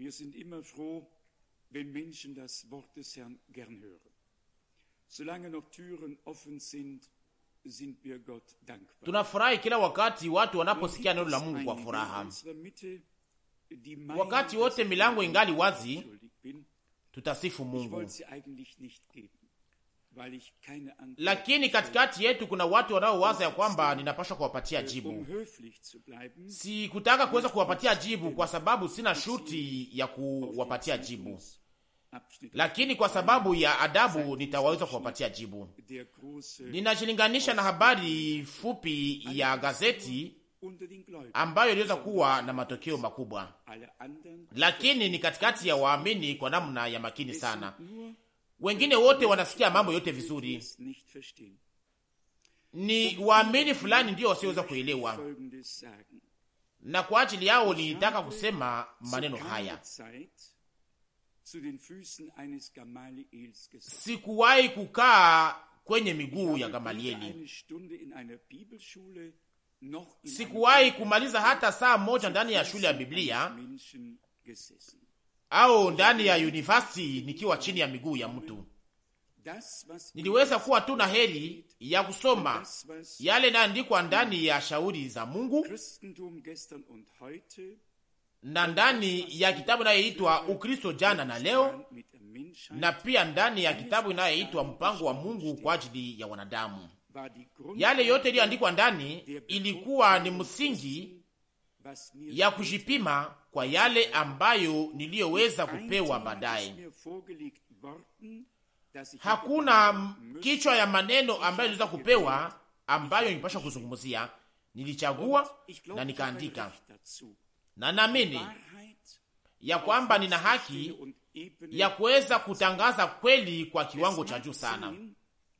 Wir sind immer froh, wenn Menschen das Wort des Herrn gern hören. Solange noch Türen offen sind, sind wir Gott dankbar. Tunafurahi kila wakati watu wanaposikia neno la Mungu kwa furaha. Wakati wote milango ingali wazi, tutasifu Mungu lakini katikati yetu kuna watu wanaowaza ya kwamba ninapaswa kuwapatia jibu. Sikutaka kuweza kuwapatia jibu kwa sababu sina shuti ya kuwapatia jibu, lakini kwa sababu ya adabu nitawaweza kuwapatia jibu. Ninajilinganisha na habari fupi ya gazeti ambayo iliweza kuwa na matokeo makubwa, lakini ni katikati ya waamini kwa namna ya makini sana wengine wote wanasikia mambo yote vizuri, ni waamini fulani ndio wasioweza kuelewa, na kwa ajili yao nilitaka kusema maneno haya. Sikuwahi kukaa kwenye miguu ya Gamalieli, sikuwahi kumaliza hata saa moja ndani ya shule ya Biblia au ndani ya univasi nikiwa chini ya miguu ya mtu. Niliweza kuwa tu na heri ya kusoma yale inayoandikwa ndani ya shauri za Mungu na ndani ya kitabu inayoitwa Ukristo jana na leo, na pia ndani ya kitabu inayoitwa mpango wa Mungu kwa ajili ya wanadamu. Yale yote iliyoandikwa ndani ilikuwa ni msingi ya kujipima kwa yale ambayo niliyoweza kupewa baadaye. Hakuna kichwa ya maneno ambayo niliweza kupewa ambayo nipasha kuzungumzia, nilichagua na nikaandika, na naamini ya kwamba nina haki ya kuweza kutangaza kweli kwa kiwango cha juu sana.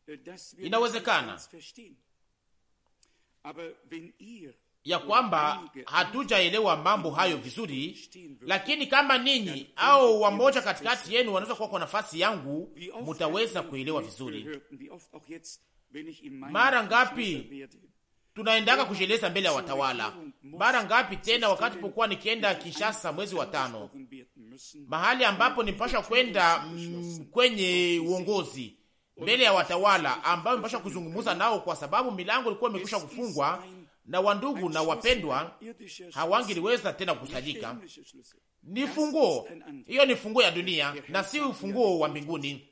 Äh, Inawezekana ya kwamba hatujaelewa mambo hayo vizuri, lakini kama ninyi au wamoja katikati yenu wanaweza kuwa kwa nafasi yangu, mutaweza kuelewa vizuri. Mara ngapi tunaendaka kujieleza mbele ya watawala? Mara ngapi tena, wakati pokuwa nikienda Kinshasa mwezi wa tano, mahali ambapo nipasha kwenda mm, kwenye uongozi mbele ya watawala ambao nipasha kuzungumuza nao, kwa sababu milango ilikuwa imekwisha kufungwa na wandugu na wapendwa hawangiliweza tena kukusanyika. Ni funguo hiyo, ni funguo ya dunia na si ufunguo wa mbinguni.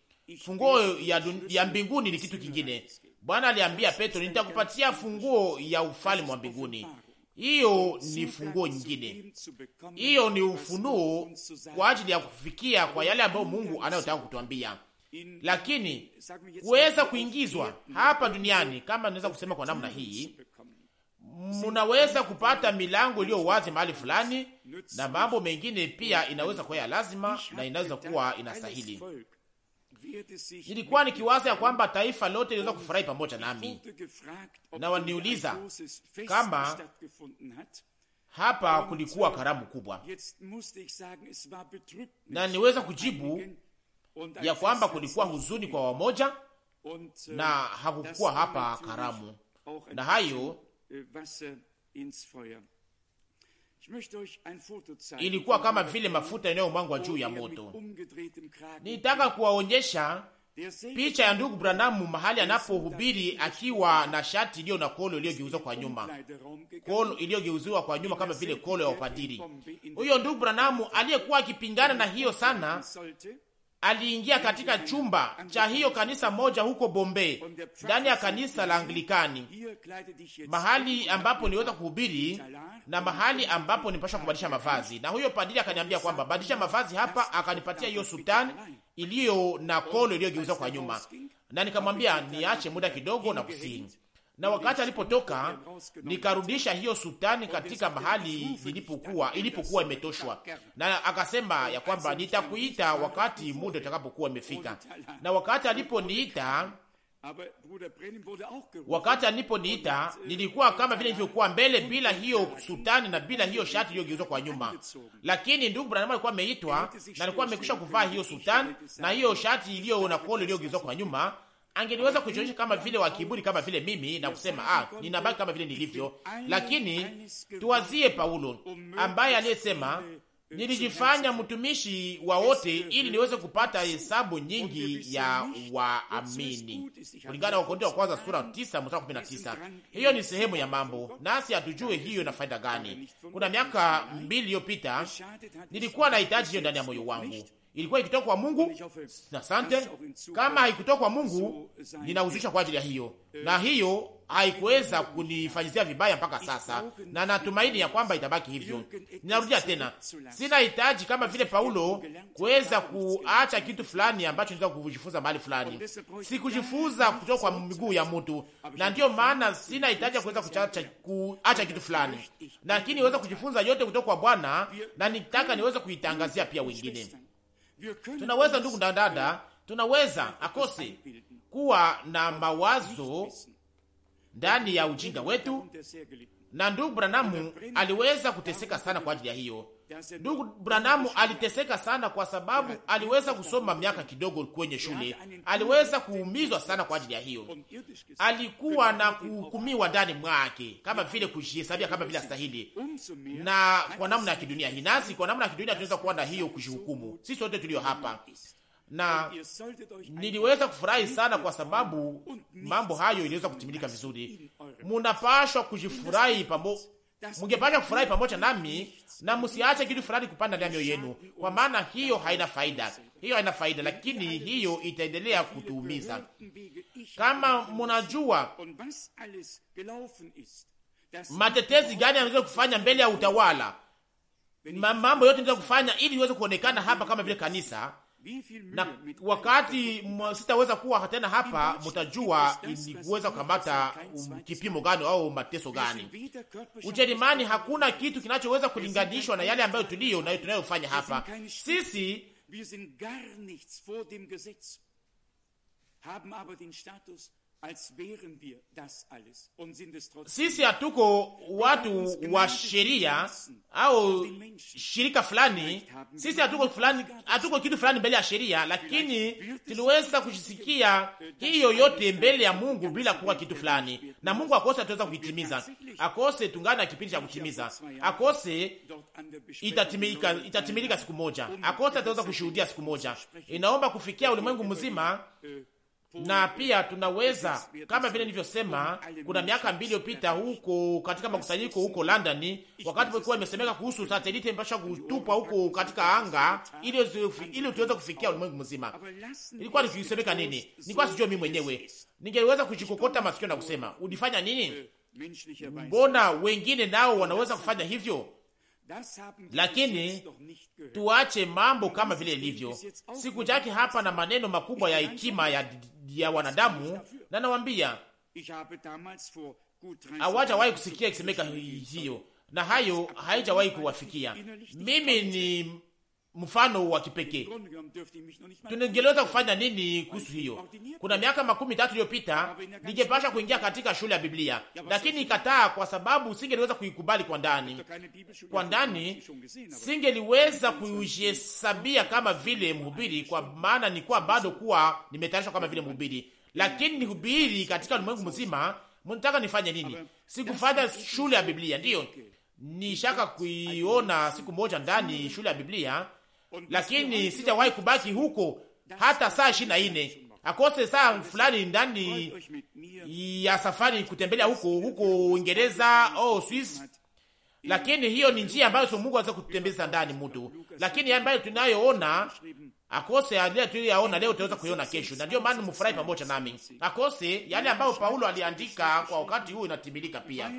Funguo ya, dun, ya mbinguni ni kitu kingine. Bwana aliambia Petro, nitakupatia funguo ya ufalme wa mbinguni. Hiyo ni funguo nyingine, hiyo ni ufunuo kwa ajili ya kufikia kwa yale ambayo Mungu anayotaka kutuambia, lakini kuweza kuingizwa hapa duniani, kama naweza kusema kwa namna hii munaweza kupata milango iliyo wazi mahali fulani, na mambo mengine pia inaweza kuwa ya lazima na inaweza kuwa inastahili. Nilikuwa nikiwaza ya kwamba taifa lote liweza kufurahi pamoja nami, na waliniuliza kama hapa kulikuwa karamu kubwa, na niweza kujibu ya kwamba kulikuwa huzuni kwa wamoja na hakukuwa hapa karamu, na hayo Äh, Wasser ins Feuer. Ilikuwa kama vile mafuta yanayomwangwa juu ya moto. Nitaka kuwaonyesha picha ya ndugu Branamu mahali anapohubiri akiwa na shati iliyo na kolo iliyogeuzwa kwa nyuma, kolo iliyogeuziwa kwa nyuma kama vile kolo ya upadiri. Huyo ndugu Branamu aliyekuwa akipingana na hiyo sana, aliingia katika chumba cha hiyo kanisa moja huko bombe ndani ya kanisa la Anglikani, mahali ambapo niweza kuhubiri na mahali ambapo nipasha kubadilisha mavazi. Na huyo padiri akaniambia kwamba badilisha mavazi hapa, akanipatia hiyo sultani iliyo na kolo iliyogeuza kwa nyuma, na nikamwambia niache muda kidogo na kusingi na wakati alipotoka nikarudisha hiyo sutani katika mahali ilipokuwa ilipokuwa imetoshwa, na akasema ya kwamba nitakuita wakati muda utakapokuwa imefika. Na wakati aliponiita wakati aliponiita nilikuwa kama vile nilivyokuwa mbele, bila hiyo sutani na bila hiyo shati iliyogeuzwa kwa nyuma. Lakini ndugu Branham alikuwa ameitwa na alikuwa amekwisha kuvaa hiyo sutani na hiyo shati iliyo na kolo iliyogeuzwa kwa nyuma angeliweza kujionyesha kama vile wa kiburi kama vile mimi na kusema ah, ninabaki kama vile nilivyo. Lakini tuwazie Paulo ambaye aliyesema nilijifanya mtumishi wa wote ili niweze kupata hesabu nyingi ya waamini, kulingana na Wakorintho wa kwanza sura 9 mstari 19. Hiyo ni sehemu ya mambo, nasi hatujue hiyo na faida gani. Kuna miaka mbili iliyopita nilikuwa na hitaji hiyo ndani ya moyo wangu ilikuwa ikitoka kwa Mungu. Asante. Kama haikutoka kwa Mungu, ninahuzisha kwa ajili ya hiyo, na hiyo haikuweza kunifanyizia vibaya mpaka sasa, na natumaini ya kwamba itabaki hivyo. Ninarudia tena, sina hitaji kama vile Paulo kuweza kuacha kitu fulani ambacho niweza kujifunza mahali fulani. Sikujifunza kutoka kwa miguu ya mtu, na ndiyo maana sina hitaji ya kuweza kuacha, kuacha kitu fulani, lakini niweza kujifunza yote kutoka kwa Bwana, na nitaka niweze kuitangazia pia wengine. Tunaweza ndugu na dada, tunaweza akose kuwa na mawazo ndani ya ujinga wetu, na ndugu Branamu aliweza kuteseka sana kwa ajili ya hiyo Ndugu Branamu aliteseka sana kwa sababu aliweza kusoma miaka kidogo kwenye shule, aliweza kuumizwa sana kwa ajili ya hiyo. Alikuwa na kuhukumiwa ndani mwake kama vile kujihesabia kama vile astahili, na kwa namna ya kidunia hii. Nasi kwa namna ya kidunia tunaweza kuwa na hiyo kujihukumu sisi wote tulio hapa, na niliweza kufurahi sana kwa sababu mambo hayo iliweza kutimilika vizuri. Munapashwa kujifurahi pambo mungepata kufurahi pamoja nami, na msiache kitu fulani kupanda ndani ya mioyo yenu, kwa maana hiyo haina faida, hiyo haina faida, lakini hiyo itaendelea kutuumiza. Kama mnajua matetezi gani anaweza kufanya mbele ya utawala, mambo yote anaweza kufanya ili iweze kuonekana hapa kama vile kanisa na wakati sitaweza kuwa tena hapa, mtajua ilikuweza kukamata um, kipimo gani au mateso gani. Ujerumani, hakuna kitu kinachoweza kulinganishwa na yale ambayo tuliyo na tunayofanya hapa sisi sisi hatuko watu wa sheria au shirika fulani, sisi hatuko fulani, hatuko kitu fulani mbele ya sheria, lakini tuliweza kujisikia hiyo yote mbele ya Mungu bila kuwa kitu fulani, na Mungu akose atuweza kuitimiza, akose tungana kipindi cha kutimiza, akose itatimilika, itatimilika siku moja, um akose ataweza kushuhudia siku moja. Inaomba kufikia ulimwengu mzima äh, na pia tunaweza kama vile nilivyosema, kuna miaka mbili iliyopita huko katika makusanyiko huko London, wakati ilikuwa imesemeka kuhusu sateliti imepasha kutupwa huko katika anga ili ili tuweze kufikia ulimwengu mzima. Ilikuwa nikisemeka nini? Nilikuwa sijui mimi mwenyewe, ningeweza kujikokota masikio na kusema ulifanya nini? Mbona wengine nao wanaweza kufanya hivyo? lakini tuache mambo kama vile ilivyo. Sikujaki hapa na maneno makubwa ya hekima ya, ya wanadamu, na nawambia hawajawahi kusikia ikisemeka hiyo na hayo haijawahi kuwafikia. Mimi ni mfano wa kipekee. Tungeliweza kufanya nini kuhusu hiyo? Kuna miaka makumi tatu iliyopita ningepasha kuingia katika shule ya Biblia, lakini ikataa, kwa sababu singeliweza kuikubali kwa ndani. Kwa ndani singeliweza kuihesabia kama vile mhubiri, kwa maana ni kuwa bado kuwa nimetayarishwa kama vile mhubiri, lakini nihubiri katika ulimwengu mzima. Mnataka nifanye nini? Sikufanya shule ya Biblia, ndiyo nishaka kuiona siku moja ndani shule ya Biblia lakini sijawahi kubaki huko hata saa ishirini na nne akose saa fulani ndani ya safari kutembelea huko huko Uingereza oh Swiss, lakini hiyo ni njia ambayo Mungu anaweza kutembeza ndani mtu, lakini ambayo tunayoona akose yale yaona leo tutaweza kuiona kesho, na ndio maana mfurahi pamoja nami. Akose yale ambayo Paulo aliandika kwa wakati huu inatimilika pia,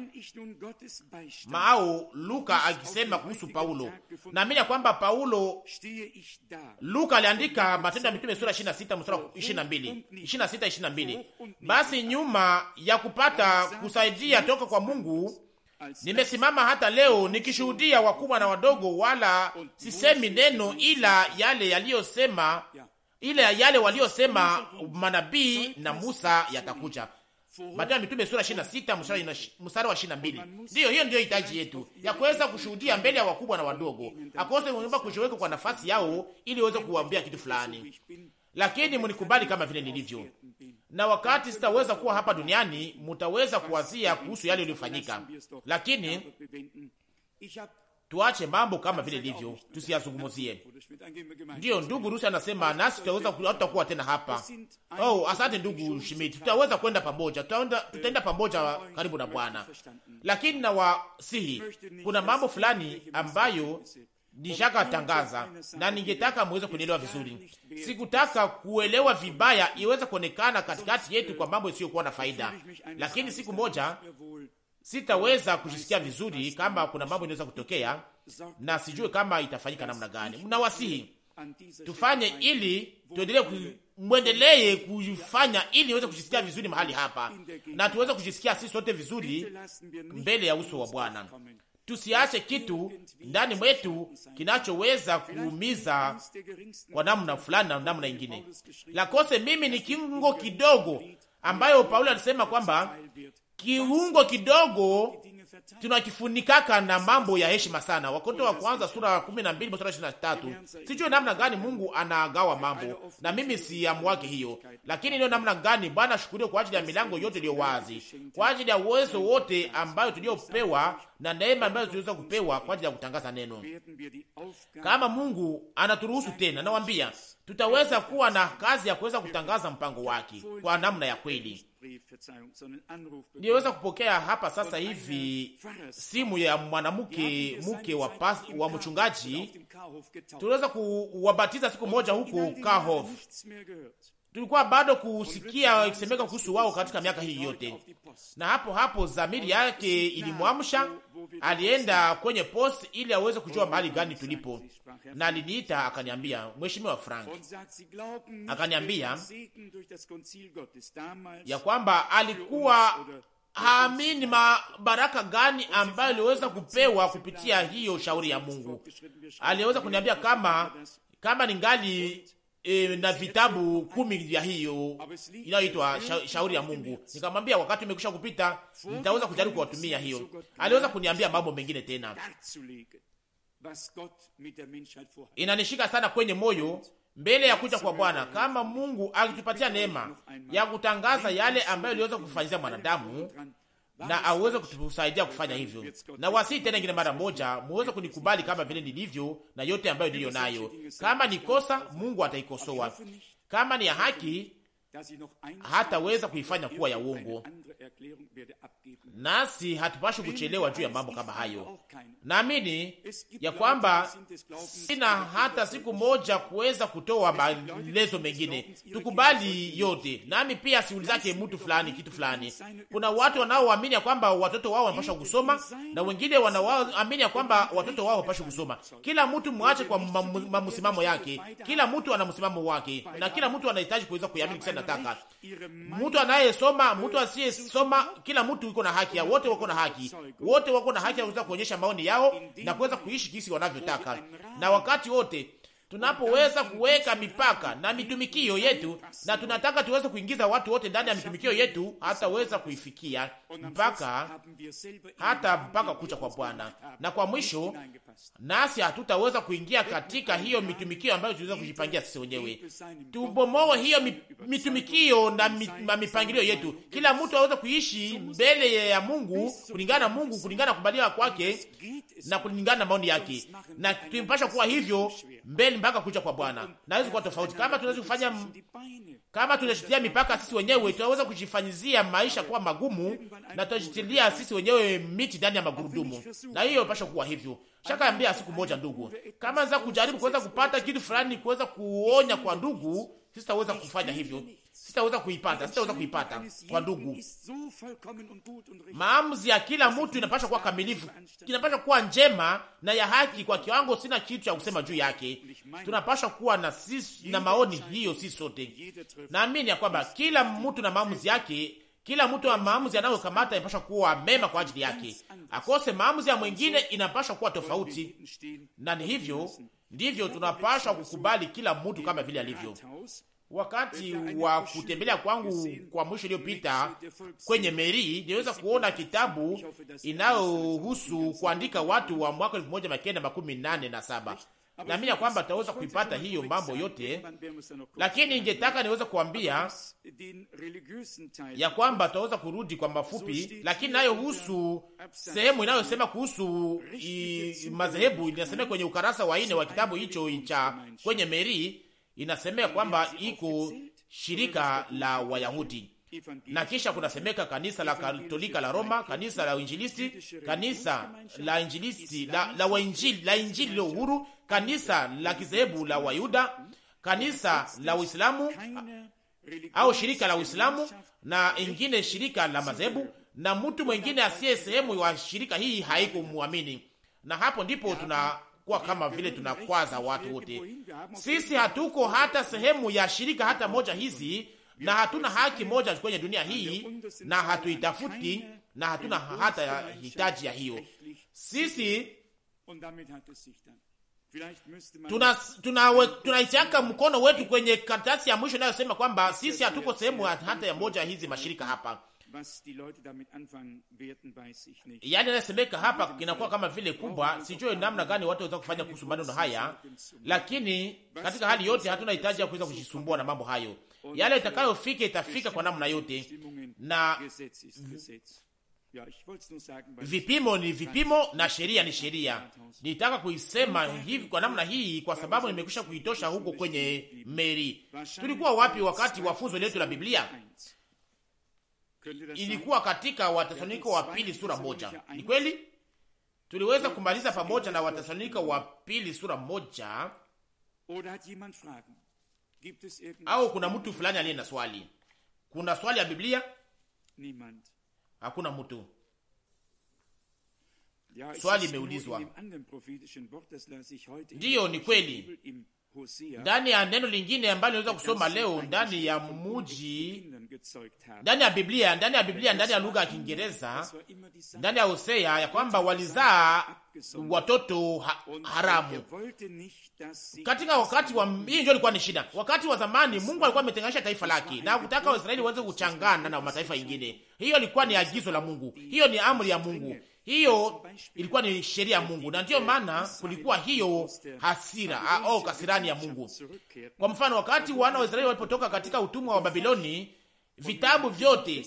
mao Luka akisema kuhusu Paulo. Naamini kwamba Paulo, Luka aliandika Matendo ya Mitume sura 26 mstari 22, 26 22, basi nyuma ya kupata kusaidia toka kwa Mungu Nimesimama hata leo nikishuhudia wakubwa na wadogo, wala sisemi neno ila yale yaliyosema, ila yale waliosema manabii na Musa yatakuja. Matendo ya Mitume sura 26 mstari wa 22. Ndiyo, hiyo ndiyo hitaji yetu ya kuweza kushuhudia mbele ya wakubwa na wadogo, akose kuomba kujiweka kwa nafasi yao ili uweze kuwaambia kitu fulani, lakini mnikubali kama vile nilivyo na wakati sitaweza kuwa hapa duniani, mutaweza kuwazia kuhusu yale yaliyofanyika, lakini tuache mambo kama vile livyo, tusiyazungumuzie Ndiyo ndugu Rusi anasema nasi tutaweza, hatutakuwa tena hapa. Oh, asante ndugu Shimiti, tutaweza kwenda pamoja, tutaenda pamoja karibu na Bwana, lakini nawasihi, kuna mambo fulani ambayo nishaka tangaza na ningetaka muweze kunielewa vizuri. Sikutaka kuelewa vibaya iweze kuonekana katikati yetu kwa mambo isiyokuwa na faida, lakini siku moja sitaweza kujisikia vizuri kama kuna mambo inaweza kutokea na sijue kama itafanyika namna gani. Mnawasihi tufanye ili tuendelee ku mwendelee kufanya ili niweze kujisikia vizuri mahali hapa, na tuweze kujisikia sisi sote vizuri mbele ya uso wa Bwana tusiache kitu ndani mwetu kinachoweza kuumiza kwa namna fulani na namna ingine. La kose mimi ni kiungo kidogo, ambayo Paulo alisema kwamba kiungo kidogo tunakifunikaka na mambo ya heshima sana. Wakorintho wa kwanza sura ya 12 mstari tatu. Sijue namna gani Mungu anagawa mambo na mimi si hiyo, lakini niyo namna gani Bwana ashukuriwe kwa ajili ya milango yote iliyo wazi, kwa ajili ya uwezo wote ambayo tuliopewa na neema ambayo tuliweza kupewa kwa ajili ya kutangaza neno. Kama Mungu anaturuhusu tena, nawambia tutaweza kuwa na kazi ya kuweza kutangaza mpango wake kwa namna ya kweli niliweza kupokea hapa sasa hivi simu ya mwanamke mke wa, pas, wa mchungaji. Tuliweza kuwabatiza siku moja huko Kahof tulikuwa bado kusikia ikisemeka kuhusu wao katika miaka hii yote, na hapo hapo zamiri yake ilimwamsha, alienda kwenye post ili aweze kujua mahali gani tulipo, na aliniita akaniambia, Mheshimiwa Frank, akaniambia ya kwamba alikuwa haamini mabaraka gani ambayo aliweza kupewa kupitia hiyo shauri ya Mungu. Aliweza kuniambia kama kama ningali e, na vitabu kumi vya hiyo inayoitwa sha, shauri ya Mungu. Nikamwambia wakati umekwisha kupita, nitaweza kujaribu kuwatumia hiyo. Aliweza kuniambia mambo mengine tena, inanishika sana kwenye moyo mbele ya kuja kwa Bwana. Kama Mungu alitupatia neema ya kutangaza yale ambayo aliweza kufanyia mwanadamu na aweze kutusaidia kufanya hivyo, na wasi tena ingine mara moja, muweze kunikubali kama vile nilivyo na yote ambayo niliyo nayo. Kama ni kosa, Mungu ataikosoa. Kama ni ya haki, hataweza kuifanya kuwa ya uongo, nasi hatupashi kuchelewa juu ya mambo kama hayo. Naamini ya kwamba sina hata siku moja kuweza kutoa maelezo mengine, tukubali yote. Nami pia siulizake mtu fulani kitu fulani. Kuna watu wanaoamini ya kwamba watoto wao wanapasha kusoma na wengine wanaoamini ya kwamba watoto wao wanapasha kusoma. Kila mtu mwache kwa mamsimamo yake, kila mtu ana msimamo wake, na kila mtu anahitaji kuweza kuamini inataka. Mtu anayesoma, mtu asiyesoma, kila mtu yuko na haki, wote wako na haki, wote wako na haki ya kuweza kuonyesha maoni yao na kuweza kuishi kisi wanavyotaka, na wakati wote tunapoweza kuweka mipaka na mitumikio yetu, na tunataka tuweze kuingiza watu wote ndani ya mitumikio yetu, hataweza kuifikia mpaka hata mpaka kucha kwa Bwana. Na kwa mwisho, nasi hatutaweza kuingia katika hiyo mitumikio ambayo tuliweza kujipangia sisi wenyewe. Tubomoe hiyo mitumikio na mi, mipangilio yetu, kila mtu aweze kuishi mbele ya Mungu kulingana na Mungu, kulingana na kubaliwa kwake na kulingana na maoni yake, na tuimpasha kuwa hivyo mbele mpaka kuja kwa Bwana naweza kuwa tofauti. Kama tunaweza kufanya, kama tunajitilia mipaka sisi wenyewe, tunaweza kujifanyizia maisha kuwa magumu, na tunajitilia sisi wenyewe miti ndani ya magurudumu, na hiyo pasha kuwa hivyo. Shaka ambia siku moja, ndugu, kama za kujaribu kuweza kupata kitu fulani, kuweza kuonya kwa ndugu, sisi tutaweza kufanya hivyo sitaweza kuipata, sitaweza kuipata kwa ndugu. Maamuzi ya kila mtu inapasha kuwa kamilifu, inapasha kuwa njema na ya haki kwa kiwango, sina kitu cha kusema juu yake. Tunapasha kuwa na sisi, na maoni hiyo sisi sote. Naamini ya kwamba kila mtu na maamuzi yake, kila mtu na maamuzi anayokamata inapasha kuwa mema kwa ajili yake, akose maamuzi ya mwingine inapasha kuwa tofauti, na ni hivyo ndivyo tunapasha kukubali kila mtu kama vile alivyo. Wakati wa kutembelea kwangu kwa mwisho iliyopita kwenye Meri, niliweza kuona kitabu inayohusu kuandika watu wa mwaka elfu moja makenda makumi nane na saba. Naamini ya kwamba tutaweza kuipata hiyo mambo yote, lakini ingetaka niweze kuambia ya kwamba tutaweza kurudi kwa mafupi, lakini nayohusu sehemu inayosema kuhusu madhehebu, inasema kwenye ukarasa wa nne wa kitabu hicho cha kwenye Meri inasemea kwamba iko shirika la Wayahudi na kisha kunasemeka kanisa la Katolika la Roma, kanisa la Uinjilisti, kanisa la Injilisti la, la wainjili la Injili la uhuru, kanisa la kizehebu la Wayuda, kanisa la Uislamu au shirika la Uislamu na ingine shirika la madhehebu, na mtu mwengine asiye sehemu wa shirika hii haiko muamini. Na hapo ndipo tuna kuwa kama vile tunakwaza watu wote. Sisi hatuko hata sehemu ya shirika hata moja hizi, na hatuna haki moja kwenye dunia hii, na hatuitafuti na hatuna hata hitaji ya hiyo. Sisi tunaitiaka tuna, tuna mkono wetu kwenye karatasi ya mwisho inayosema kwamba sisi hatuko sehemu hata ya moja hizi mashirika hapa Yaani anasemeka hapa kinakuwa kama vile kubwa, sijue um namna gani watu waweza kufanya kuhusu maneno haya, lakini katika hali yote hatuna hitaji ya kuweza kujisumbua na mambo hayo. Yale äh, itakayofika itafika kwa namna yote, na vipimo ni vipimo na sheria ni sheria. Nitaka kuisema hivi kwa namna hii kwa sababu nimekwisha kuitosha huko kwenye meri. Tulikuwa wapi wakati wa funzo letu la Biblia? ilikuwa katika Wathesalonike wa pili sura moja. Ni kweli tuliweza kumaliza pamoja na Wathesalonike wa pili sura moja. Au kuna mtu fulani aliye na swali? Kuna swali ya Biblia? Hakuna mtu. Swali imeulizwa. Ndiyo, ni kweli ndani ya neno lingine ambalo inaweza kusoma leo ndani ya muji, ndani ya Biblia, ndani ya Biblia, ndani ya lugha ya Kiingereza, ndani ya Hosea, ya kwamba walizaa watoto ha er haramu katika wakati wa hii. Ndio ilikuwa ni shida wakati wa zamani. Mungu alikuwa ametenganisha taifa lake na kutaka Waisraeli waweze kuchangana na mataifa ingine Hiyo ilikuwa ni agizo la Mungu, hiyo ni amri ya Mungu hiyo ilikuwa ni sheria ya Mungu, na ndiyo maana kulikuwa hiyo hasira au ah, oh, kasirani ya Mungu. Kwa mfano, wakati wana wa Israeli walipotoka katika utumwa wa Babiloni, vitabu vyote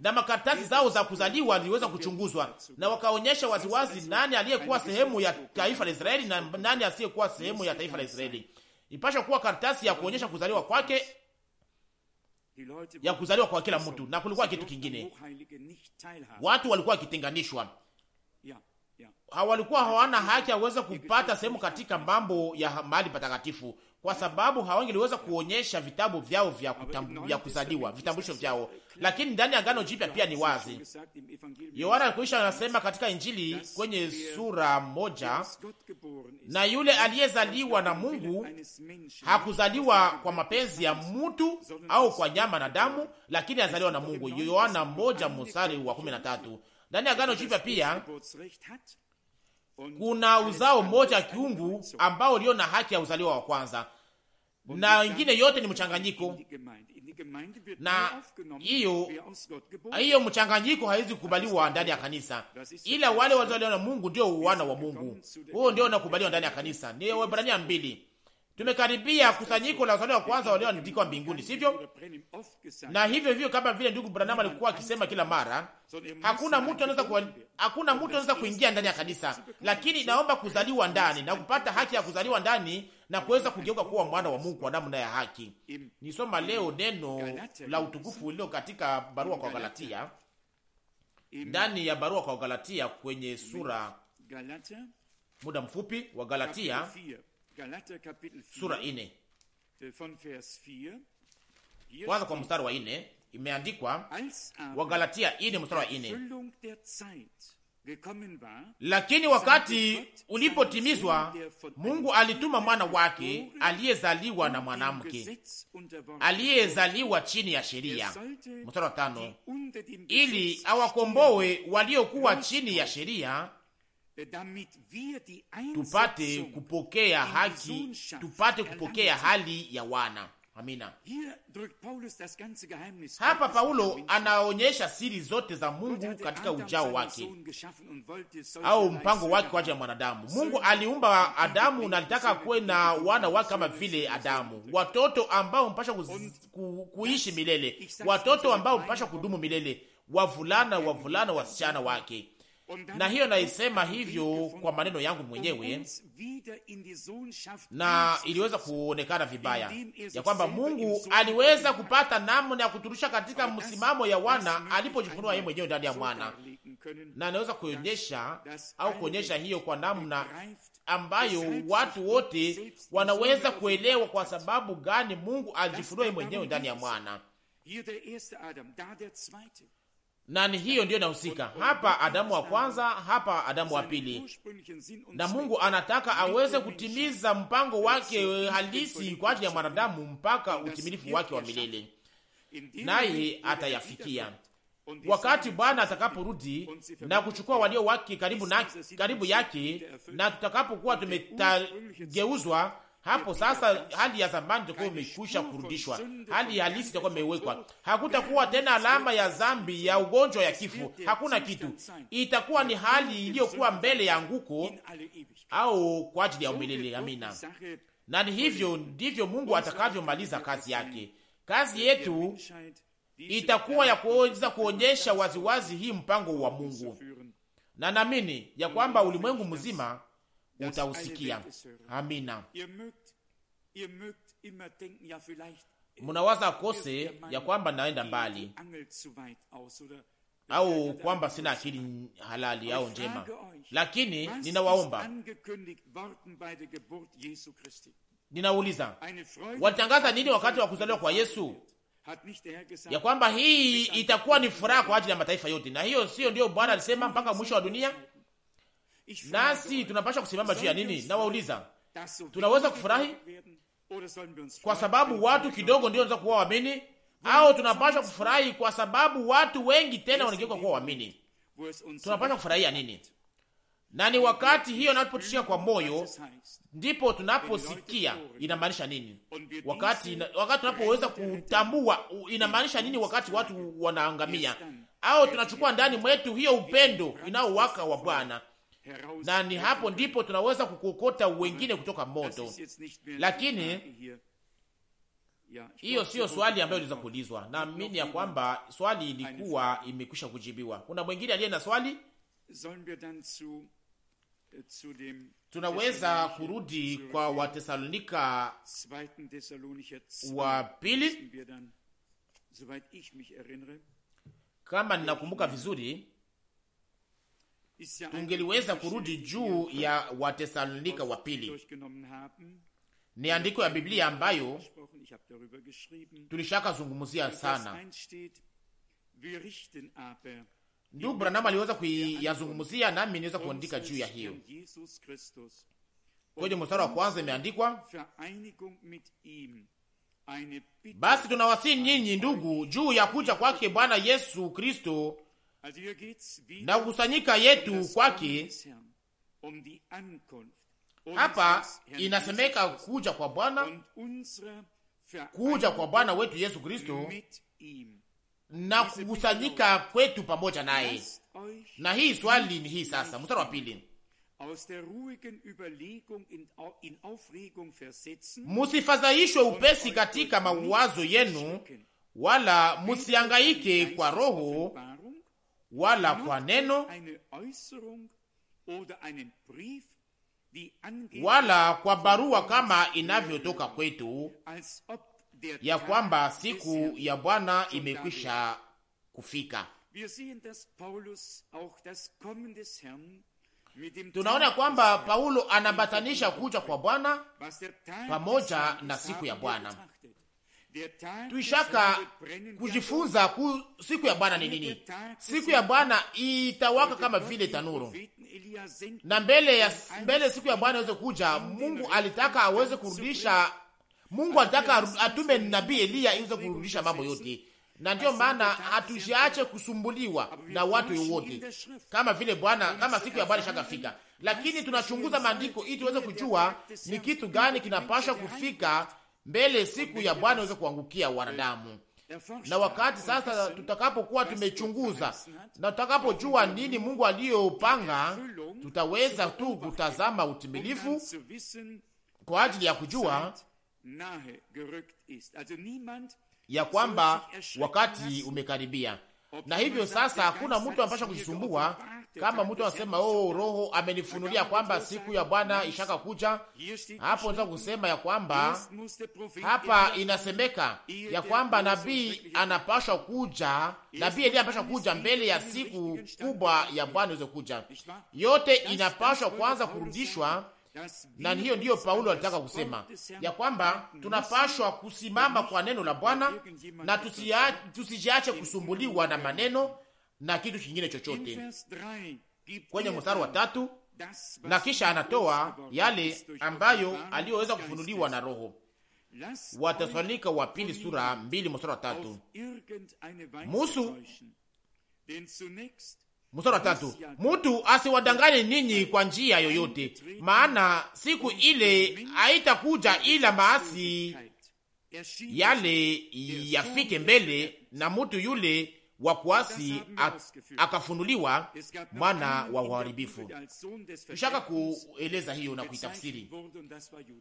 na makaratasi zao za kuzaliwa ziliweza kuchunguzwa, na wakaonyesha waziwazi nani aliyekuwa sehemu ya taifa la Israeli na nani asiyekuwa sehemu ya taifa la Israeli. Ipasha kuwa karatasi ya kuonyesha kuzaliwa kwake ya kuzaliwa kwa kila mtu, na kulikuwa kitu kingine, watu walikuwa wakitenganishwa hawalikuwa hawana haki kuweza kupata sehemu katika mambo ya mahali patakatifu, kwa sababu hawangeliweza kuonyesha vitabu vyao vya, vya kuzaliwa vitambulisho vyao. Lakini ndani ya Agano Jipya pia ni wazi. Yohana alikuisha anasema katika Injili kwenye sura moja, na yule aliyezaliwa na Mungu hakuzaliwa kwa mapenzi ya mtu au kwa nyama na damu, lakini azaliwa na Mungu. Yohana moja mstari wa kumi na tatu. Ndani ya gano Jipya pia kuna uzao mmoja wa kiungu ambao ulio na haki ya uzaliwa wa kwanza, na wengine yote ni mchanganyiko, na hiyo hiyo mchanganyiko haiwezi kukubaliwa ndani ya kanisa, ila wale wazaliwa na Mungu ndio wana wa Mungu. Huo ndio unakubaliwa ndani ya kanisa, ni Waebrania mbili Tumekaribia kusanyiko la uzaliwa wa kwanza walioandikwa mbinguni, sivyo? Na hivyo hivyo, kama vile ndugu Branham alikuwa akisema kila mara, hakuna mtu anaweza kuwa, hakuna mtu anaweza kuingia ndani ya kanisa, lakini naomba kuzaliwa ndani na kupata haki ya kuzaliwa ndani na kuweza kugeuka kuwa mwana wa Mungu kwa namna ya haki. Nisoma leo neno la utukufu lililo katika barua kwa Galatia, ndani ya barua kwa Galatia kwenye sura muda mfupi wa Galatia sura ine äh, kwanza kwa mstari wa ine imeandikwa Wagalatia ine mstari wa ine lakini wakati ulipotimizwa Mungu alituma mwana wake aliyezaliwa na mwanamke aliyezaliwa chini ya sheria, er mstari wa tano, ili awakomboe waliokuwa chini ya sheria tupate kupokea haki, tupate kupokea hali ya wana. Amina. Hapa Paulo anaonyesha siri zote za Mungu katika ujao wake au mpango wake kwa ajili ya mwanadamu. Mungu aliumba Adamu na alitaka kuwe na wana wake kama vile Adamu, watoto ambao mpasha ku, kuishi milele, watoto ambao mpasha kudumu milele, wavulana wavulana, wasichana wake na hiyo naisema hivyo kwa maneno yangu mwenyewe, na iliweza kuonekana vibaya ya kwamba Mungu aliweza kupata namna ya kuturusha katika msimamo ya wana alipojifunua yeye mwenyewe ndani ya mwana, na anaweza kuonyesha au kuonyesha hiyo kwa namna ambayo watu wote wanaweza kuelewa kwa sababu gani Mungu alijifunua yeye mwenyewe ndani ya mwana na ni hiyo ndiyo inahusika hapa, Adamu wa kwanza, hapa Adamu wa pili, na Mungu anataka aweze kutimiza mpango wake halisi kwa ajili ya mwanadamu mpaka utimilifu wake wa milele, naye er atayafikia wakati Bwana atakaporudi na kuchukua walio wake karibu, na, karibu yake na tutakapokuwa tumegeuzwa hapo sasa hali ya zamani itakuwa imekwisha kurudishwa, hali halisi itakuwa imewekwa. Hakutakuwa tena alama ya zambi ya ugonjwa ya kifo, hakuna kitu. Itakuwa ni hali iliyokuwa mbele ya anguko au kwa ajili ya umilele. Amina. Na ni hivyo ndivyo Mungu atakavyomaliza kazi yake. Kazi yetu itakuwa ya kuweza kuonyesha waziwazi hii mpango wa Mungu, na naamini ya kwamba ulimwengu mzima utausikia. Amina. Munawaza kose ya kwamba naenda mbali au kwamba sina akili halali au njema, lakini ninawaomba, ninauliza, walitangaza nini wakati wa kuzaliwa kwa Yesu? Ya kwamba hii itakuwa ni furaha kwa ajili ya mataifa yote, na hiyo sio ndio Bwana alisema mpaka mwisho wa dunia? nasi tunapasha kusimama juu ya nini? Nawauliza, tunaweza kufurahi kwa sababu watu kidogo ndio wanaweza kuwa waamini, au tunapasha kufurahi kwa sababu watu wengi tena wanageuka kuwa waamini? Tunapasha kufurahia nini? Na ni wakati hiyo napotushika kwa moyo, ndipo tunaposikia inamaanisha nini. Wakati wakati tunapoweza kutambua inamaanisha nini, wakati watu wanaangamia, au tunachukua ndani mwetu hiyo upendo inaowaka wa Bwana na ni hapo ndipo tunaweza kukuokota wengine kutoka moto. Lakini hiyo siyo swali ambayo iliweza kuulizwa. Naamini ya kwamba swali ilikuwa imekwisha kujibiwa. Kuna mwengine aliye na swali? Tunaweza kurudi kwa Watesalonika wa pili, kama ninakumbuka vizuri tungeliweza kurudi juu ya Watesalonika wa pili. Ni andiko ya Biblia ambayo tulishaka zungumzia sana. Ndugu Branham aliweza kuyazungumzia, nami niweza kuandika juu ya hiyo. Kwenye mstari wa kwanza imeandikwa, basi tunawasii nyinyi ndugu juu ya kuja kwake Bwana Yesu Kristo na kukusanyika yetu kwake. Hapa inasemeka kuja kwa Bwana, kuja kwa Bwana wetu Yesu Kristo na kukusanyika kwetu pamoja naye. Na hii swali ni hii sasa, mstari wa pili: musifadhaishwe upesi katika mawazo yenu, wala musiangaike kwa roho wala kwa neno wala kwa barua kama inavyotoka kwetu, ya kwamba siku ya Bwana imekwisha kufika. Tunaona kwamba Paulo anabatanisha kuja kwa Bwana pamoja na siku ya Bwana tuishaka kujifunza ku siku ya Bwana ni nini. Siku ya Bwana itawaka kama vile tanuru, na mbele ya mbele siku ya Bwana iweze kuja. Mungu alitaka aweze kurudisha, Mungu alitaka atume nabii Eliya iweze kurudisha mambo yote, na ndiyo maana hatujiache kusumbuliwa na watu wote, kama vile Bwana kama siku ya Bwana ishakafika, lakini tunachunguza maandiko ili tuweze kujua ni kitu gani kinapashwa kufika mbele siku ya Bwana iweze kuangukia wanadamu. Na wakati sasa tutakapokuwa tumechunguza na tutakapojua nini Mungu aliyopanga, tutaweza tu kutazama utimilifu kwa ajili ya kujua ya kwamba wakati umekaribia na hivyo sasa hakuna mtu ampasha kujisumbua kama mtu anasema oh, Roho amenifunulia kwamba siku ya Bwana ishaka kuja. Hapo unaweza kusema ya kwamba hapa inasemeka ya kwamba nabii anapashwa kuja, nabii Eliya anapashwa kuja mbele ya siku kubwa ya Bwana iweze kuja. Yote inapashwa kwanza kurudishwa na hiyo ndiyo Paulo alitaka kusema ya kwamba tunapashwa kusimama kwa neno la Bwana na tusijiache kusumbuliwa na maneno na kitu kingine chochote. Kwenye mstari wa tatu, na kisha anatoa yale ambayo aliyoweza kufunuliwa na Roho. Watesalonika wa pili sura mbili mstari wa tatu. Musu Mstari wa tatu, mtu asiwadanganye ninyi kwa njia yoyote, maana siku ile haitakuja ila maasi yale yafike mbele, na mutu yule wa kuasi akafunuliwa mwana wa uharibifu. Tushaka kueleza hiyo na kuitafsiri.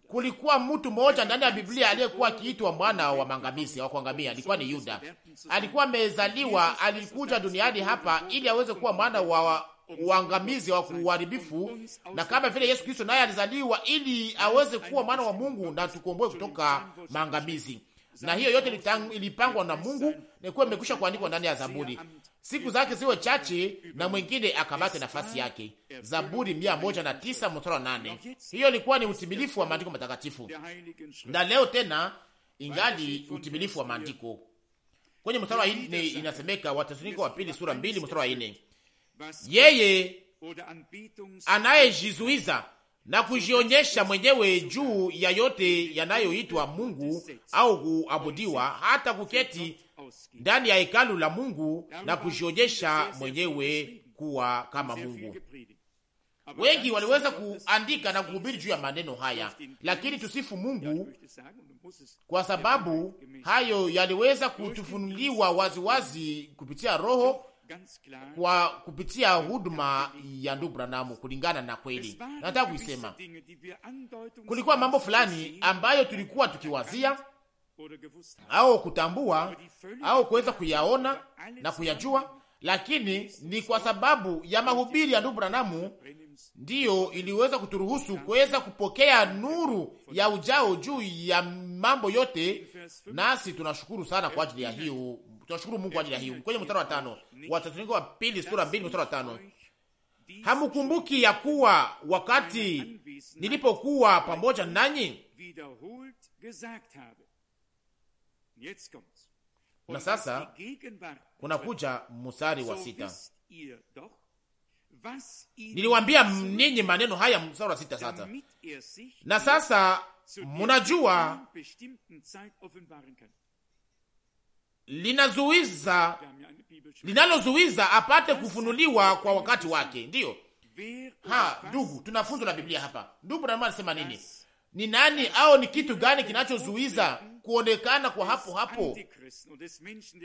Kulikuwa mtu mmoja ndani ya Biblia aliyekuwa akiitwa mwana wa mangamizi wa kuangamia, alikuwa ni Yuda. Alikuwa amezaliwa, alikuja duniani hapa ili aweze kuwa mwana wa uangamizi wa kuharibifu, na kama vile Yesu Kristo naye alizaliwa ili aweze kuwa mwana wa Mungu na tukomboe kutoka maangamizi na hiyo yote ilipangwa na Mungu, nikuwa imekwisha kuandikwa ndani ya Zaburi, siku zake ziwe chache na mwingine akabate nafasi yake. Zaburi mia moja na tisa mstari wa nane. Hiyo ilikuwa ni utimilifu wa maandiko matakatifu, na leo tena ingali utimilifu wa maandiko. Kwenye mstari wa nne inasemeka, Wathesalonike wa pili sura mbili mstari wa nne, yeye anayejizuiza na kujionyesha mwenyewe juu ya yote yanayoitwa Mungu au kuabudiwa, hata kuketi ndani ya hekalu la Mungu na kujionyesha mwenyewe kuwa kama Mungu. Wengi waliweza kuandika na kuhubiri juu ya maneno haya, lakini tusifu Mungu kwa sababu hayo yaliweza kutufunuliwa waziwazi kupitia Roho kwa kupitia huduma ya ndugu Branamu kulingana na kweli. Nataka kuisema kulikuwa mambo fulani ambayo tulikuwa tukiwazia au kutambua au kuweza kuyaona na kuyajua, lakini ni kwa sababu ya mahubiri ya ndugu Branamu ndiyo iliweza kuturuhusu kuweza kupokea nuru ya ujao juu ya mambo yote. Nasi tunashukuru sana kwa ajili ya hiyo, tunashukuru Mungu kwa ajili ya hiyo. Kwenye mstari wa tano Wathesalonike wa pili sura mbili mstari wa tano hamukumbuki ya kuwa wakati nilipokuwa pamoja nanyi na sasa kuna kuja msari wa sita. Niliwambia ninyi maneno haya, mstari wa sita sasa. Na sasa munajua linazuiza linalozuiza apate kufunuliwa kwa wakati wake. Ndiyo ha, ndugu, tunafunzwa na Biblia hapa. Ndugu Branham anasema nini? Ni nani au ni kitu gani kinachozuiza kuonekana kwa hapo hapo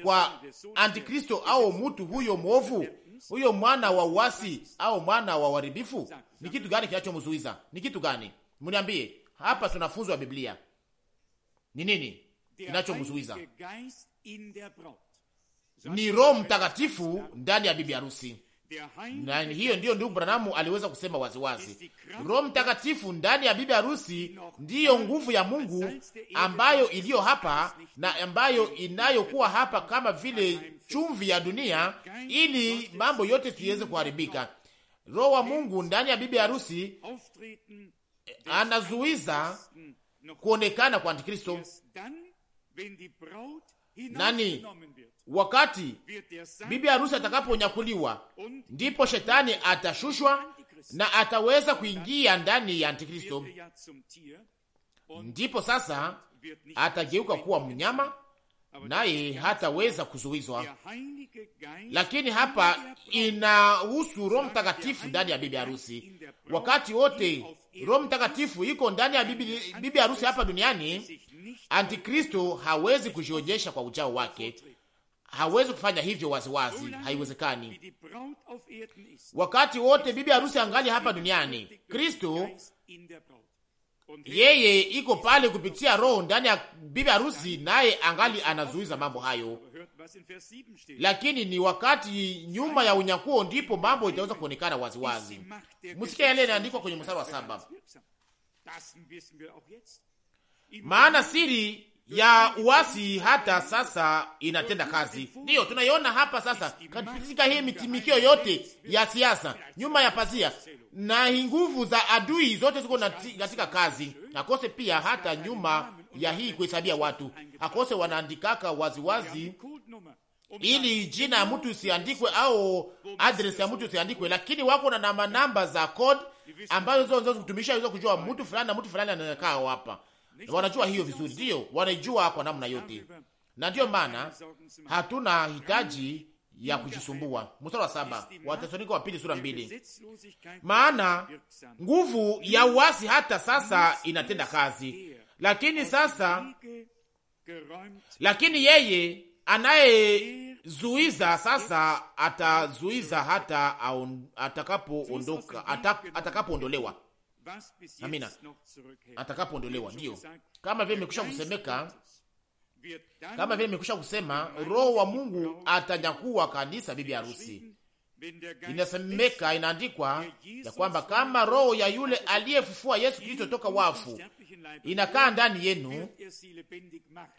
kwa Antikristo au mtu huyo mwovu, huyo mwana wa uasi au mwana wa uharibifu? Ni kitu gani kinachomzuiza? Ni kitu gani? Mniambie hapa, tunafunzwa Biblia ni nini kinachomzuiza? Ni Roho Mtakatifu ndani ya bibi harusi na hiyo ndiyo ndugu Branamu aliweza kusema waziwazi. Roho Mtakatifu ndani ya bibi harusi ndiyo nguvu ya Mungu ambayo iliyo hapa na ambayo inayokuwa hapa kama vile chumvi ya dunia, ili mambo yote tuiweze kuharibika. Roho wa Mungu ndani ya bibi harusi anazuiza kuonekana kwa Antikristo nani, wakati bibi harusi atakaponyakuliwa, ndipo shetani atashushwa na ataweza kuingia ndani ya Antikristo. Ndipo sasa atageuka kuwa mnyama, naye hataweza kuzuizwa. Lakini hapa inahusu Roho Mtakatifu ndani ya bibi harusi. Wakati wote Roho Mtakatifu iko ndani ya bibi harusi hapa duniani, Antikristo hawezi kujionyesha kwa ujao wake, hawezi kufanya hivyo waziwazi, haiwezekani. Wakati wote bibi harusi angali hapa duniani, Kristo yeye iko pale kupitia roho ndani ya bibi harusi, naye angali anazuiza mambo hayo, lakini ni wakati nyuma ya unyakuo ndipo mambo itaweza kuonekana waziwazi. Musikia yale inaandikwa kwenye mstari wa saba maana siri ya uasi hata sasa inatenda kazi. Ndiyo tunaiona hapa sasa katika hii mitimikio yote ya siasa nyuma ya pazia, na nguvu za adui zote ziko katika kazi. Akose pia hata nyuma ya hii kuhesabia watu, akose wanaandikaka waziwazi ili jina ya mtu isiandikwe au address ya mtu isiandikwe, lakini wako na namba za code ambazo zote kutumisha iweze kujua mtu fulani na mtu fulani anakaa hapa wanajua hiyo vizuri, ndiyo wanaijua kwa namna yote, na ndiyo maana hatuna hitaji ya kujisumbua. Mstari wa saba wa Tesalonike wa pili sura mbili. Maana nguvu ya uasi hata sasa inatenda kazi, lakini sasa, lakini yeye anayezuiza sasa atazuiza hata atakapoondoka, atakapoondolewa Amina, atakapoondolewa. Ndiyo, kama vile mekusha kusemeka, kama vile imekusha kusema, Roho wa Mungu atanyakuwa kanisa, bibi harusi. Inasemeka, inaandikwa ya kwamba kama roho ya yule aliyefufua Yesu Kristo toka wafu inakaa ndani yenu, er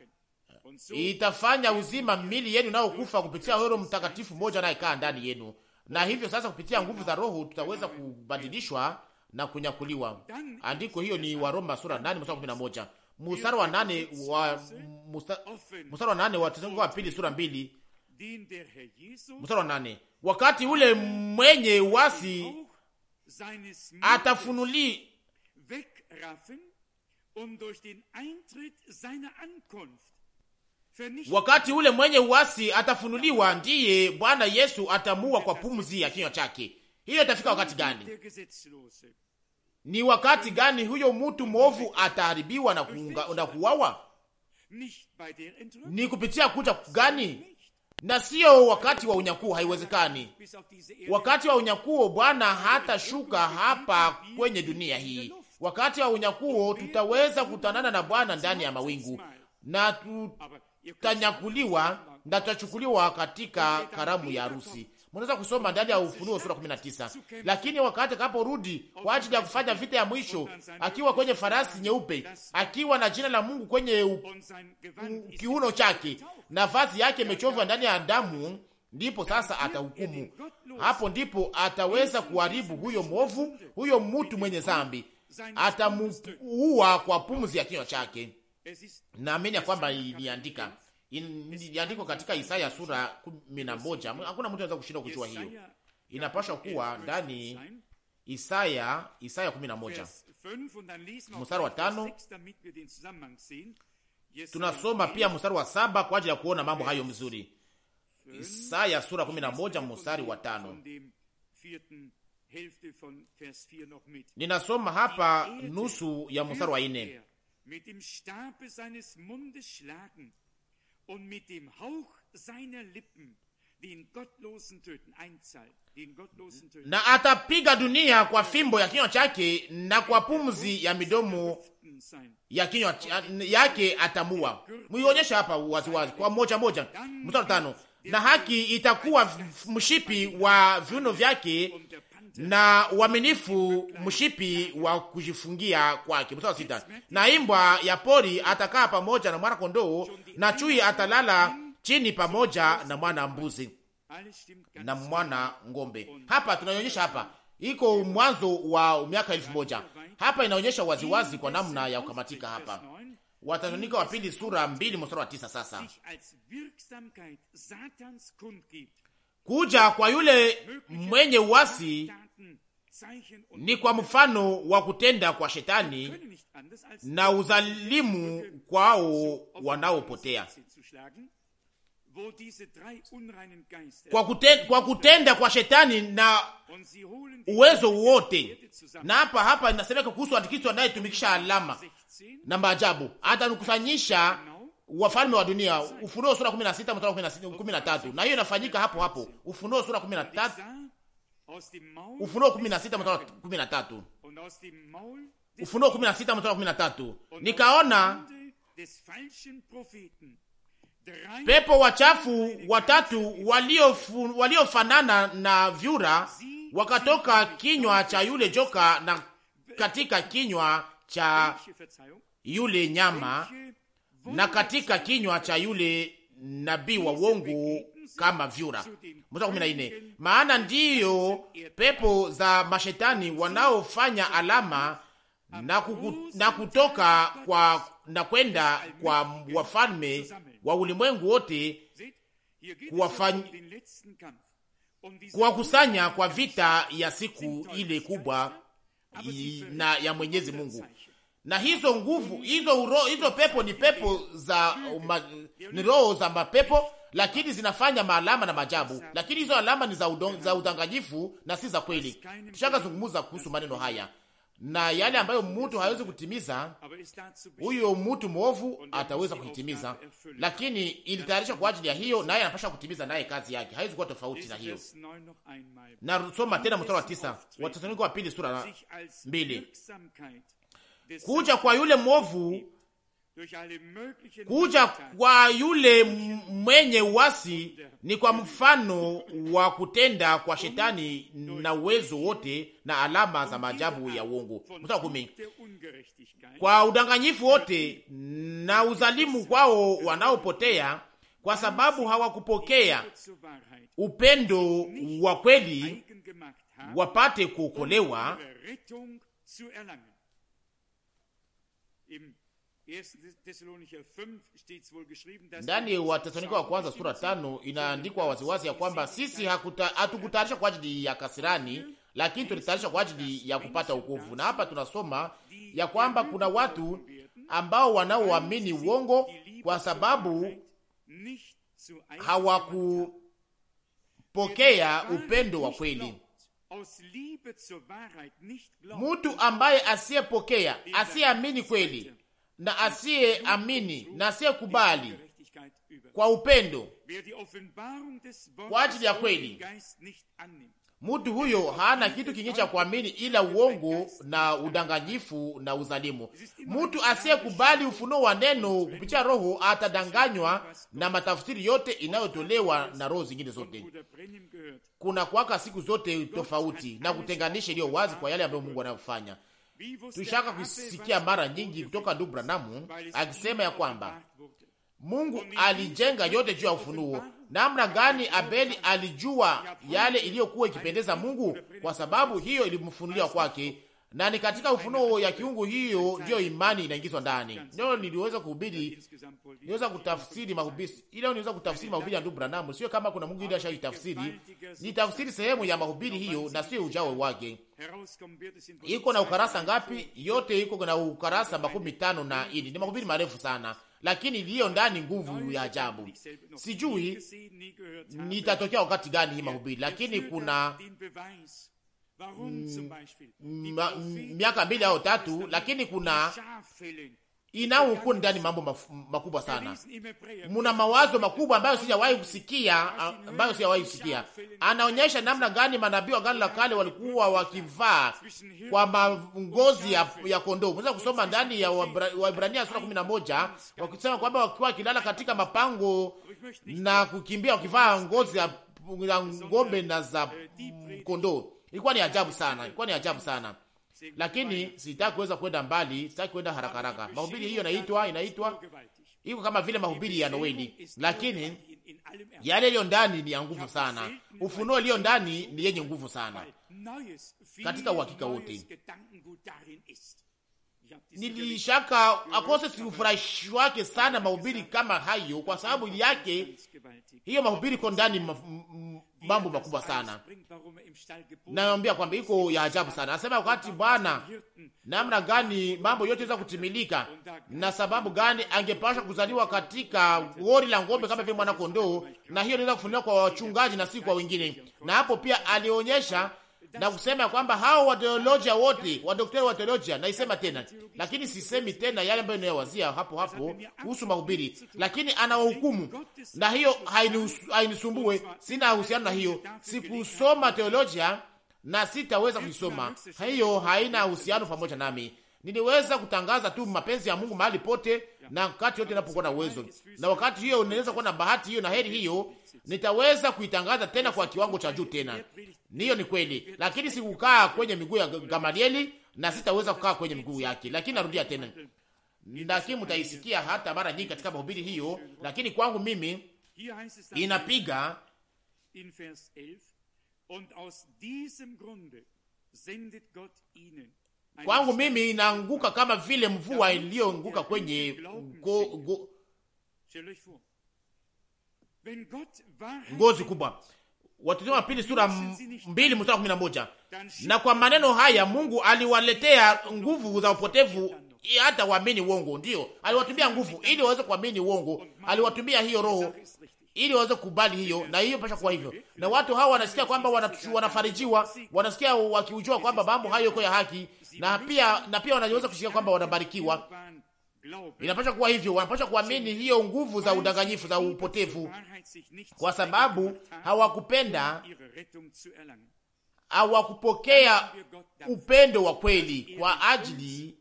itafanya uzima mili yenu nayokufa kupitia Roho Mtakatifu moja anayekaa ndani yenu. Na hivyo sasa, kupitia nguvu za Roho tutaweza kubadilishwa na kunyakuliwa. Andiko hiyo ni Waroma sura 8 mstari wa 11, mstari wa 8 wa mstari wa 8 wa Tesalonika wa pili sura mbili mstari wa nane Wakati ule mwenye wasi atafunuli um wakati ule mwenye uasi atafunuliwa, ndiye Bwana Yesu atamua kwa pumzi ya kinywa chake hiyo itafika wakati gani? Ni wakati gani huyo mtu mwovu ataharibiwa na, na kuwawa? Ni kupitia kuja gani? na siyo wakati wa unyakuo. Haiwezekani. Wakati wa unyakuo Bwana hatashuka hapa kwenye dunia hii. Wakati wa unyakuo tutaweza kutanana na Bwana ndani ya mawingu na tutanyakuliwa na tutachukuliwa katika karamu ya harusi. Unaweza kusoma ndani ya Ufunuo sura 19. Lakini wakati atakaporudi kwa ajili ya kufanya vita ya mwisho, akiwa kwenye farasi nyeupe, akiwa na jina la Mungu kwenye kiuno chake, nafasi yake imechovwa ndani ya damu, ndipo sasa atahukumu. Hapo ndipo ataweza kuharibu huyo mwovu, huyo mtu mwenye zambi, atamuua kwa pumzi ya kinywa chake. Naamini ya kwamba iliandika Iliandikwa katika Isaya sura 11 Hakuna mtu anaweza kushindwa kujua hiyo, inapashwa kuwa ndani Isaya, Isaya 11 mstari wa tano. Tunasoma pia mstari wa saba kwa ajili ya kuona mambo hayo mzuri. Isaya sura 11 mstari wa tano. Ninasoma hapa nusu ya mstari wa nne er na atapiga dunia kwa fimbo ya kinywa chake na kwa pumzi ya midomo ya kinywa yake atamua. muyonyesha hapa waziwazi kwa moja moja, mstari tano na haki itakuwa mshipi wa viuno vyake na uaminifu mshipi wa kujifungia kwake. Mstari sita, na imbwa ya pori atakaa pamoja na mwana kondoo, na chui atalala chini pamoja na mwana mbuzi na mwana ng'ombe. Hapa tunaonyesha hapa iko mwanzo wa miaka elfu moja. Hapa inaonyesha waziwazi kwa namna ya kukamatika hapa Wathesalonike wa pili sura mbili mstari wa tisa. Sasa kuja kwa yule mwenye uasi ni kwa mfano wa kutenda kwa shetani na uzalimu kwao wanaopotea kwa, kuten, kwa kutenda kwa shetani na uwezo wote. Na hapa hapa inasemeka kuhusu Antikristo anayetumikisha alama na maajabu, atanukusanyisha wafalme wa dunia, Ufunuo sura 16 mstari 13. Na hiyo inafanyika hapo hapo, Ufunuo sura 13, Ufunuo 16 mstari 13, Ufunuo 16 mstari 13. Nikaona pepo wachafu watatu waliofanana walio na vyura wakatoka kinywa cha yule joka na katika kinywa cha yule nyama na katika kinywa cha yule nabii wa uongo kama vyura. maana ndiyo pepo za mashetani wanaofanya alama na, kuku, na kutoka kwa na kwenda kwa wafalme wa ulimwengu wote um um kuwakusanya kwa vita ya siku ile kubwa na ya Mwenyezi Mungu. Na hizo nguvu hizo, uro, hizo pepo ni pepo um za uma, ni roho za mapepo, lakini zinafanya maalama na majabu, lakini hizo alama ni za, za udanganyifu na si za kweli. Tushaka zungumuza kuhusu maneno haya na yale ambayo mtu hawezi kutimiza, huyo mtu mwovu ataweza kuitimiza, lakini ilitayarishwa kwa ajili ya hiyo, naye anapasha kutimiza naye kazi yake, haiwezi kuwa tofauti na hiyo. Nasoma tena mstari wa tisa Wathesalonike wa pili sura mbili kuja kwa yule mwovu Kuja kwa yule mwenye uasi ni kwa mfano wa kutenda kwa shetani na uwezo wote na alama za maajabu ya uongo. Mstari kumi, kwa udanganyifu wote na uzalimu kwao wanaopotea, kwa sababu hawakupokea upendo wa kweli wapate kuokolewa ndani Watesalonika wa kwanza sura tano inaandikwa waziwazi ya kwamba sisi hatukutayarisha kwa ajili ya kasirani, hm? lakini tulitayarisha kwa ajili ya kupata wokovu. Na hapa tunasoma ya kwamba kuna watu ambao wanaoamini uongo kwa sababu hawakupokea upendo wa kweli. Mtu ambaye asiyepokea asiyeamini kweli na amini na kubali kwa upendo kwa ajili ya kweli. Mtu huyo hana kitu kingine cha kuamini ila uongo na udanganyifu na uzalimu. Mtu asiyekubali ufunuo wa neno kupitia Roho atadanganywa na matafsiri yote inayotolewa na roho zingine zote. Kuna kwaka siku zote tofauti na kutenganisha iliyo wazi kwa yale ambayo Mungu anayofanya tushaka kusikia mara nyingi kutoka ndugu Branamu akisema ya kwamba Mungu alijenga yote juu ya ufunuo. Namna gani Abeli alijua yale iliyokuwa ikipendeza Mungu? Kwa sababu hiyo ilimfunuliwa kwake, na ni katika ufunuo ya kiungu hiyo ndiyo imani inaingizwa ndani. Ndio niliweza kuhubiri, niweza kutafsiri mahubiri ile, niweza kutafsiri mahubiri ya ndugu Branham, sio kama kuna Mungu ile ashai tafsiri, ni tafsiri sehemu ya mahubiri hiyo na sio ujao wake. Iko na ukarasa ngapi? Yote iko na ukarasa makumi tano na ini, ni mahubiri marefu sana, lakini iliyo ndani nguvu ya ajabu. Sijui nitatokea wakati gani hii mahubiri, lakini kuna Mm. miaka mbili au tatu, lakini kuna inaohuko ndani mambo makubwa sana. Muna mawazo makubwa ambayo sijawahi kusikia, ambayo sijawahi kusikia. Anaonyesha namna gani manabii wa gano la kale walikuwa wakivaa kwa mangozi ya, ya kondoo. Unaweza kusoma ndani ya Waibrania sura 11 wakisema kwamba wakiwa kilala katika mapango na kukimbia wakivaa ngozi ya ng'ombe na za äh, kondoo Ilikuwa ni ajabu sana, ilikuwa ni ajabu sana, lakini sitaki kuweza kwenda mbali, sitaki kwenda haraka haraka. Mahubiri hiyo inaitwa inaitwa iko kama vile mahubiri ya Noeli, lakini yale iliyo ndani ni ya nguvu sana. Ufunuo iliyo ndani ni yenye nguvu sana katika uhakika wote. Nilishaka akose siufurahishi wake sana mahubiri kama hayo, kwa sababu yake hiyo mahubiri iko ndani mambo makubwa sana, nayoambia kwamba iko ya ajabu sana. Anasema wakati Bwana namna gani mambo yote yaweza kutimilika, na sababu gani angepashwa kuzaliwa katika gori la ng'ombe kama vile mwana kondoo, na hiyo inaweza kufunuliwa kwa wachungaji na si kwa wengine. Na hapo pia alionyesha na kusema kwamba hao watheolojia wote wadokteri wa theolojia, naisema tena, lakini sisemi tena yale ambayo inayowazia hapo hapo kuhusu mahubiri, lakini anawahukumu, na hiyo hainisumbue, sina uhusiano na hiyo. Sikusoma theolojia na sitaweza kuisoma, hiyo haina uhusiano pamoja nami. Niliweza kutangaza tu mapenzi ya Mungu mahali pote na wakati yote inapokuwa na uwezo, na wakati hiyo unaweza kuwa na bahati hiyo na heri hiyo nitaweza kuitangaza tena kwa kiwango cha juu tena. Niyo ni kweli, lakini sikukaa kwenye miguu ya Gamalieli na sitaweza kukaa kwenye miguu yake, lakini narudia tena, lakini mtaisikia hata mara nyingi katika mahubiri hiyo, lakini kwangu mimi inapiga kwangu mimi inaanguka kama vile mvua iliyoanguka kwenye go, go, ngozi kubwa. Wathesalonike wa pili sura mbili mstari wa kumi na moja. Na kwa maneno haya Mungu aliwaletea nguvu za upotevu hata waamini uongo. ndio aliwatumia nguvu ili waweze kuamini uongo, aliwatumia hiyo roho ili waweze kubali hiyo, na hiyo pasha kuwa hivyo. Na watu hawa wanasikia kwamba wanafarijiwa, wanasikia wakiujua kwamba mambo hayo yako ya haki, na pia na pia wanaweza kusikia kwamba wanabarikiwa, Inapaswa kuwa hivyo, wanapaswa kuamini hiyo nguvu za udanganyifu za upotevu, kwa sababu hawakupenda, hawakupokea upendo wa kweli kwa ajili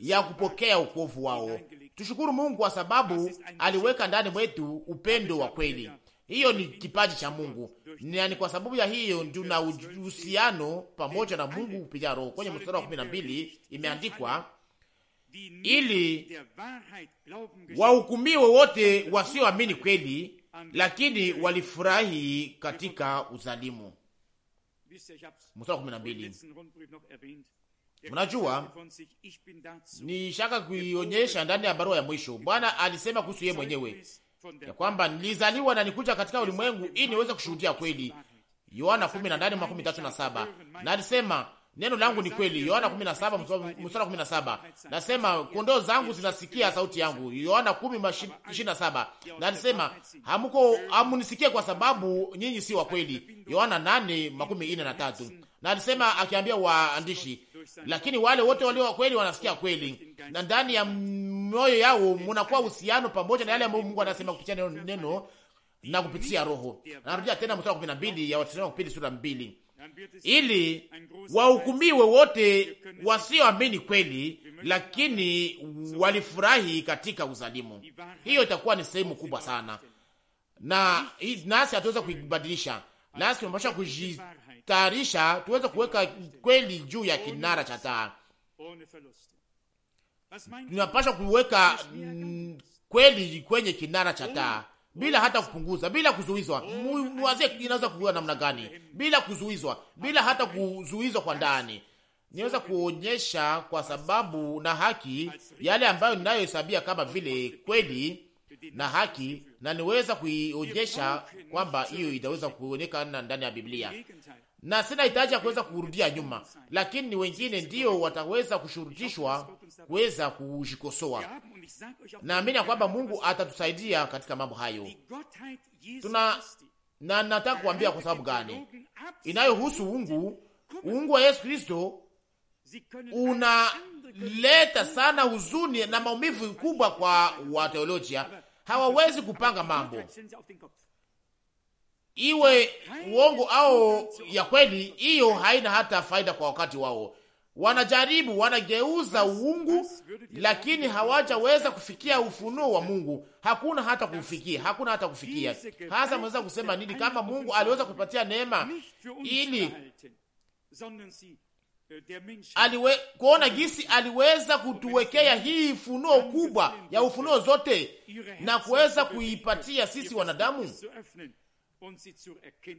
ya kupokea ukovu wao. Tushukuru Mungu kwa sababu aliweka ndani mwetu upendo wa kweli. Hiyo ni kipaji cha Mungu, ni kwa sababu ya hiyo tuna uhusiano pamoja na Mungu kupitia Roho. Kwenye mstari wa 12 imeandikwa ili wahukumiwe wote wasioamini kweli, lakini walifurahi katika uzalimu. Mnajua, ni shaka kuionyesha ndani ya barua ya mwisho, Bwana alisema kuhusu yeye mwenyewe ya kwamba nilizaliwa na nikuja katika ulimwengu ili niweze kushuhudia kweli, Yohana 18:37 na alisema Neno langu ni kweli. Yohana 17 mstari wa 17. Nasema kondoo zangu zinasikia sauti yangu. Yohana 10:27. Na nasema hamko hamunisikie kwa sababu nyinyi si wa kweli. Yohana 8:43. Na alisema akiambia waandishi, lakini wale wote walio wa kweli wanasikia kweli. Na ndani ya mioyo yao mnakuwa uhusiano pamoja na yale ambayo Mungu anasema kupitia neno, na kupitia roho. Narudia tena mstari wa 12 ya Wathesalonike sura 2 ili wahukumiwe wote wasioamini kweli, lakini walifurahi katika uzalimu. Hiyo itakuwa ni sehemu kubwa sana, na nasi hatuweza kuibadilisha. Nasi tunapasha kujitayarisha, tuweze kuweka kweli juu ya kinara cha taa. Tunapasha kuweka kweli kwenye kinara cha taa bila hata kupunguza, bila kuzuizwa. Mwazie inaweza kuwa namna gani? Bila kuzuizwa, bila hata kuzuizwa kwa ndani. Niweza kuonyesha kwa sababu na haki yale ambayo ninayohesabia kama vile kweli na haki, na niweza kuionyesha kwamba hiyo itaweza kuonekana ndani ya Biblia na sina hitaji ya kuweza kurudia nyuma, lakini ni wengine ndio wataweza kushurutishwa kuweza kujikosoa. Naamini ya kwamba Mungu atatusaidia katika mambo hayo. Tuna na nataka kuambia kwa sababu gani inayohusu uungu, uungu wa Yesu Kristo unaleta sana huzuni na maumivu kubwa kwa wateolojia, hawawezi kupanga mambo iwe uongo au ya kweli, hiyo haina hata faida kwa wakati wao. Wanajaribu, wanageuza uungu, lakini hawajaweza kufikia ufunuo wa Mungu. Hakuna hata kufikia, hakuna hata kufikia. Hasa mweza kusema nini kama Mungu aliweza kupatia neema ili aliwe, kuona gisi aliweza kutuwekea hii funuo kubwa ya ufunuo zote na kuweza kuipatia sisi wanadamu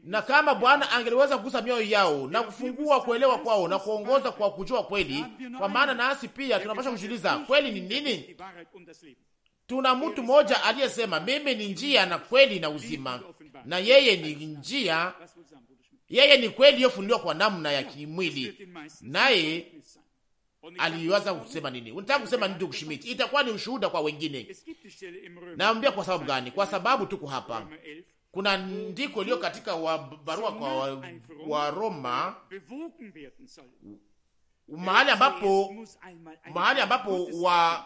na kama Bwana angeliweza kugusa mioyo yao na kufungua kuelewa kwao na kuongoza kwa kujua kweli, kwa maana nasi pia tunapaswa kujiuliza kweli ni nini. Tuna er mtu mmoja aliyesema, mimi ni njia na kweli na uzima, na yeye ni njia, yeye ni kweli iliyofunuliwa kwa namna ya kimwili. Naye aliweza kusema nini? Unataka kusema nini, ndugu Schmidt? Itakuwa ni ushuhuda kwa wengine. Naambia kwa sababu gani? Kwa sababu tuko hapa kuna ndiko iliyo katika wa barua kwa wa, wa Roma mahali ambapo mahali ambapo wa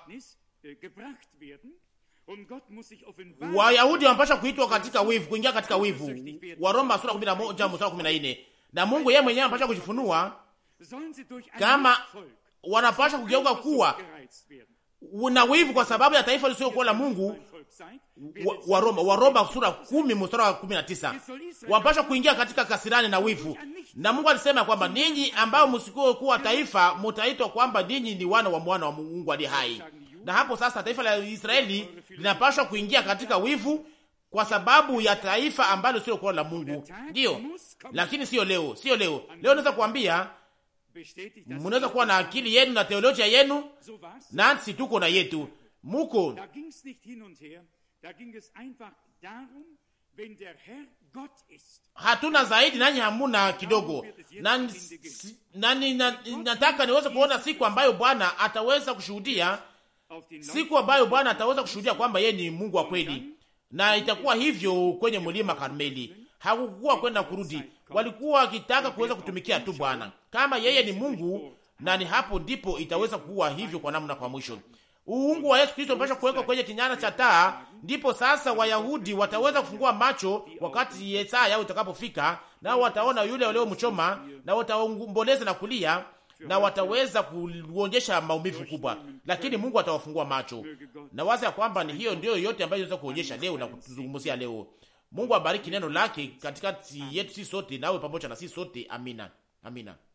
Wayahudi wanapasha kuitwa katika wivu, kuingia katika wivu. Wa Roma sura 11 mstari 14. Na Mungu yeye mwenyewe anapasha kujifunua kama wanapasha kugeuka kuwa una wivu kwa sababu ya taifa lisiyokuwa la Mungu wa, Roma wa Roma sura kumi mstari wa kumi na tisa wapasha kuingia katika kasirani na wivu. Na Mungu alisema kwamba ninyi ambao kuwa taifa mutaitwa kwamba ninyi ni wana wa mwana wa Mungu aliye hai. Na hapo sasa taifa la Israeli linapaswa kuingia katika wivu kwa sababu ya taifa ambalo sio kwa la Mungu. Ndio, lakini sio leo, sio leo. Leo naweza kuambia munaweza kuwa na akili yenu na teolojia yenu, nansi tuko na yetu muko hatuna zaidi nanyi hamuna kidogo. Nani, nataka niweze kuona siku ambayo Bwana ataweza kushuhudia, siku ambayo Bwana ataweza kushuhudia kwamba yeye ni Mungu wa kweli, na itakuwa hivyo kwenye mlima Karmeli. Hakukuwa kwenda kurudi, walikuwa wakitaka kuweza kutumikia tu Bwana kama yeye ni Mungu, na ni hapo ndipo itaweza kuwa hivyo kwa namna kwa mwisho. Uungu wa Yesu Kristo umepasha kuwekwa kwenye kinyana cha taa, ndipo sasa Wayahudi wataweza kufungua macho wakati saa yao itakapofika, nao wataona yule waliomchoma, na wataomboleza na kulia na wataweza kuonyesha maumivu kubwa, lakini Mungu atawafungua macho na waza ya kwamba ni hiyo ndiyo yote ambayo inaweza kuonyesha leo na kutuzungumzia leo. Mungu abariki neno lake katikati yetu sisi sote, nawe pamoja na sisi sote. Amina, amina.